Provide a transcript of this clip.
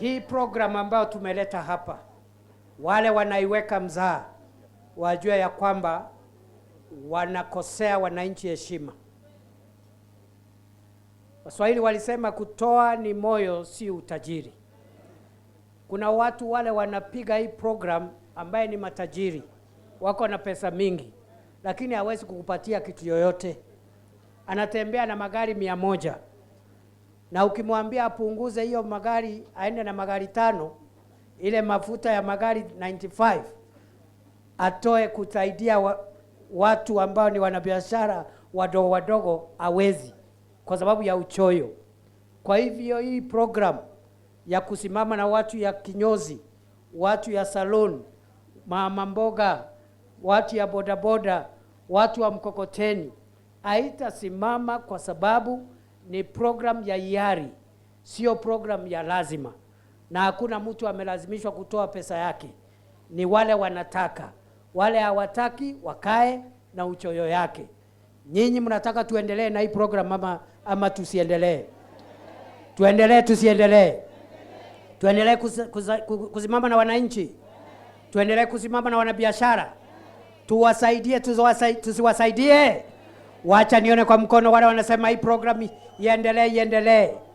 Hii program ambayo tumeleta hapa, wale wanaiweka mzaa wajue ya kwamba wanakosea wananchi heshima. Waswahili walisema kutoa ni moyo, si utajiri. Kuna watu wale wanapiga hii program ambaye ni matajiri, wako na pesa mingi, lakini hawezi kukupatia kitu yoyote. Anatembea na magari mia moja na ukimwambia apunguze hiyo magari aende na magari tano, ile mafuta ya magari 95 atoe kusaidia wa, watu ambao ni wanabiashara wadogo wadogo, awezi kwa sababu ya uchoyo. Kwa hivyo hii program ya kusimama na watu ya kinyozi, watu ya salon, mama mboga, watu ya bodaboda, watu wa mkokoteni haitasimama kwa sababu ni program ya hiari, sio program ya lazima, na hakuna mtu amelazimishwa kutoa pesa yake. Ni wale wanataka, wale hawataki wakae na uchoyo yake. Nyinyi mnataka tuendelee na hii program ama, ama tusiendelee? Tuendelee, tusiendelee? Tuendelee kusimama na wananchi, tuendelee kusimama na wanabiashara, tuwasaidie, tusiwasaidie? Wacha nione kwa mkono wale wanasema hii programu iendelee, iendelee.